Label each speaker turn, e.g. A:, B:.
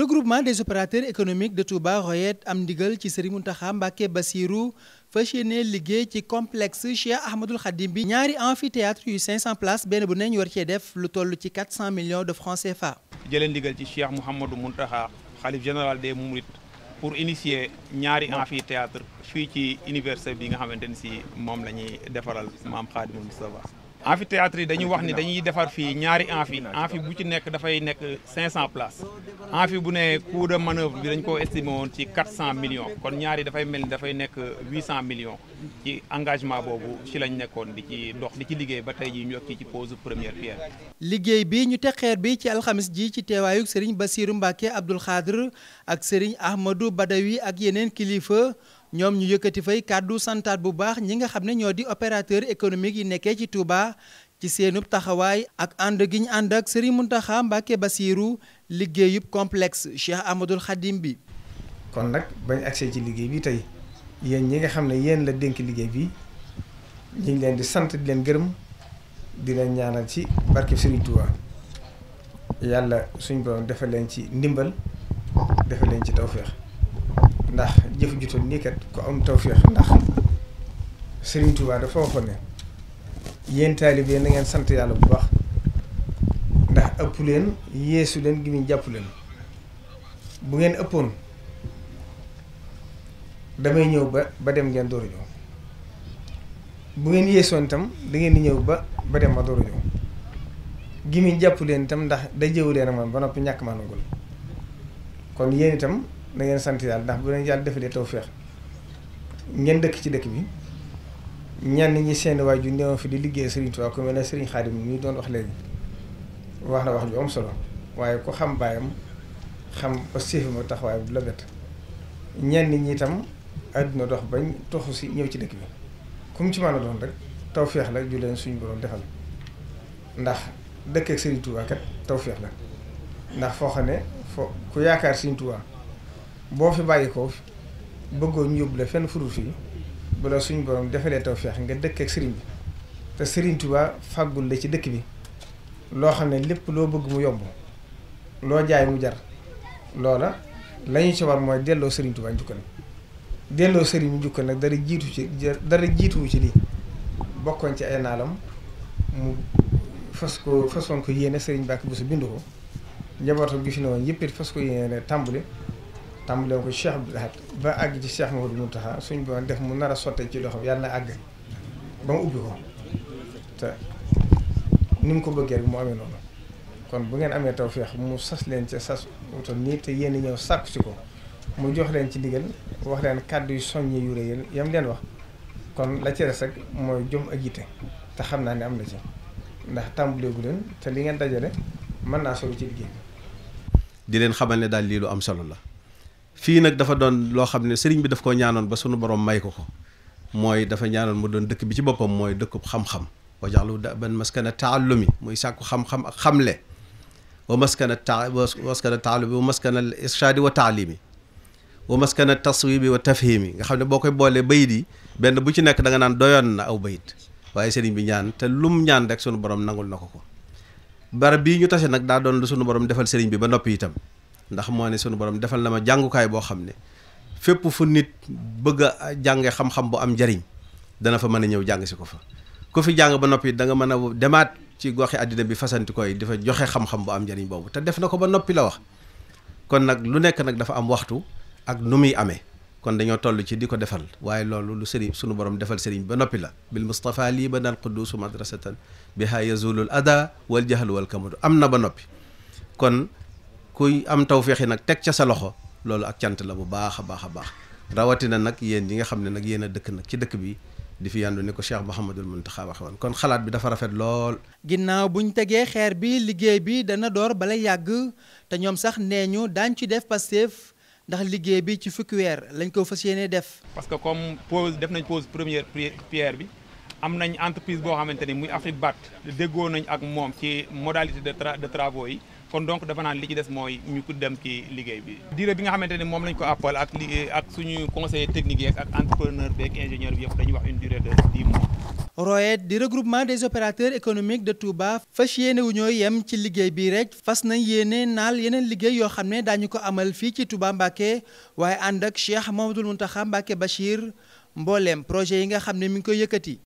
A: regroupement des opérateurs économiques de Touba Royet am ndigal ci Serigne Mountakha Mbacké Bassirou fas yéene liggéey ci complexe Cheikh Ahmadoul Khadim bi ñaari amphithéâtre yu 500 places benn bu neñ war cee def lu toll ci 400 millions de francs CFA.
B: jëlee ndigal ci Cheikh Mouhamadou Mountakha xalif général des Mourides pour initier ñaari amphithéâtre fii ci université bi nga xamante ni si moom la ñuy defaral maam Khadimou Moustapha amphithéâtre yi dañu wax ni dañuy defar fii ñaari amphi amphi bu ci nekk dafay nekk 500 places amphi bu ne coût de manœuvre bi dañ ko estimé woon ci 400 millions kon ñaari dafay mel ni dafay nekk 800 millions ci engagement boobu ci lañ nekkoon di ci dox di ci liggéey ba tey jii ñu yokk ci pose première pierre.
A: liggéey bi ñu teg xeer bi ci alxamis ji ci teewaayu Serigne Bassirou Mbacké Abdoul Khadr ak Serigne Ahmadou Badawi ak yeneen kilifa. ñoom ñu yëkkati fay kàddu santaat bu baax ñi nga xam ne ñoo di opérateur économique yi nekkee ci Touba ci seenub taxawaay ak ànd gi ñu ànd ak Serigne Mountakha Mbacké Bassirou liggéeyub
C: complexe Cheikh amadul Khadim bi. kon nag bañ agsee ci liggéey bi tey yéen ñi nga xam ne yéen la dénk liggéey bi ñu ngi leen di sant di leen gërëm di leen ñaanal ci barke Serigne Touba yàlla suñ borom defal leen ci ndimbal defal leen ci tawféex. ndax jëf ju toll nii kat ku am tawféex ndax Serigne Touba dafa waxoon ne yéen taalibe na ngeen sant yàlla bu baax ndax ëpp leen yeesu leen gi ñu jàpp leen bu ngeen ëppoon damay ñëw ba ba dem ngeen door a ñëw ngeen yeesoon itam da ngeen di ñëw ba ba dem ma door a ñëw gi ñu jàpp leen itam ndax da jëw leen man ba noppi ñàkk maa nangul kon yéen itam. da ngeen sant yàlla ndax bu leen yàlla defalee tawféex ngeen dëkk ci dëkk bi ñenn ñi seen ju néew fi di liggéey Serigne Touba ku mel ne Serigne Khadim ñu doon wax léegi wax na wax ju am solo waaye ku xam baayam xam ba séefi ma taxawaay bu la bett ñenn ñi itam àdduna dox bañ toxu si ñëw ci dëkk bi comme ci mën a doon rek tawféex la ju leen suñu borom defal ndax dëkk ak Serigne Touba kat tawféex la ndax foo xam ne foo ku yaakaar Serigne Touba. boo fi bàyyi ko bëggoo ñu yóbbu la fenn furut fii bu la suñu borom defalee feex nga dëkk ak sëriñ bi te sëriñ Tuubaa fàggul la ci dëkk bi loo xam ne lépp loo bëgg mu yomb loo jaay mu jar loola la ñu ci war mooy delloo sëriñ Tuubaa njukkal delloo sëriñ bi njukkal nag dara jiitu ci dara jiituwu ci lii bokkoon ci ay naalam mu fas ko fasoon ko yéene sëriñ bàkk bu su bind ko njabootam gi fi ne woon yëpp it fas ko yéene tàmbali tàmbalee ko Cheikh Abdoul Ahad ba àgg ci Cheikh Mouhamadou taxa suñ borom def mu nar a sottee ci loxoom yàlla na àgg ba mu ubbi ko te ni mu ko bëggee rek mu amee noonu kon bu ngeen amee taw tawféex mu sas leen ci sas wutal nii te yéen ñëw sàkku si ko mu jox leen ci ndigal wax leen kàddu yu soññi yu rëy yam leen wax kon la ci des mooy jom ak yitte te xam naa ne am na ci ndax tàmbaleegu leen te li ngeen dajale mën naa sori ci liggéey
D: di leen xamal ne daal lii lu am solo la. fii nag dafa doon loo xam ne sëriñ bi daf koo ñaanoon ba sunu boroom may ko ko mooy dafa ñaanoon mu doon dëkk bi ci boppam mooy dëkkub xam-xam wa jaxlu da ban maskana taallumi muy sàkku xam-xam ak xamle wa maskana ta maskana taalumi wa maskana irshadi wa taalimi wa maskana taswibi wa tafhimi nga xam ne boo koy boolee bayit yi benn bu ci nekk da nga naan doyoon na aw bayit waaye sëriñ bi ñaan te lum ñaan rek sunu borom nangul na ko ko barab bii ñu tase nag daa doon lu sunu borom defal sëriñ bi ba noppi ndax moo ne sunu borom defal na ma jàngukaay boo xam ne fépp fu nit bëgg a jànge xam-xam bu am njariñ dana fa mën a ñëw jàng si ko fa ku fi jàng ba noppi da nga mën a demaat ci goxe àddina bi fasanti koy dafa joxe xam-xam bu am njariñ boobu te def na ko ba noppi la wax kon nag lu nekk nag dafa am waxtu ak nu muy amee kon dañoo toll ci di ko defal waaye loolu lu sëriñ sunu borom defal sëriñ ba noppi la bil mustapha lii ba naan quddusu madrasatan biha yazulul ada wal jahal wal kamadu am na ba noppi kuy am tawféexi nag teg ca sa loxo loolu ak cant la bu baax a baax a baax rawatina nag yéen yi nga xam ne nag yéen a dëkk nag ci dëkk bi di fi yàndu ni ko Cheikh Mouhamadul Mountakha waxe woon kon xalaat bi dafa rafet lool. ginnaaw ñu tegee xeer bi liggéey bi dana door bala yàgg te ñoom sax nee ñu
A: daañ ci def Pastef ndax liggéey bi ci fukki weer lañ ko fas yéene def.
B: parce que comme pose def nañ pose première pierre bi am nañ entreprise boo xamante ni muy Afribat déggoo nañ ak moom ci modalité de travaux yi. kon donc dafa naan li ci des mooy ñu ko dem ci liggéey bi. diire bi nga xamante ne moom lañ ko appal ak liggéey ak suñu conseiller technique yeeg ak entrepreneur beeg ingénieur bi yëpp dañuy wax une durée de dix
A: mois. di regroupement des opérateurs économiques de Touba fas yéene wu ñoo yem ci liggéey bi rek fas nañ yéene naal yeneen liggéey yoo xam ne daañu ko amal fii ci Touba Mbacké waaye ànd ak Cheikh Mamadou Mountakha Mbacké Bachir mbooleem projet yi nga xam ne mi ngi koy yëkkati.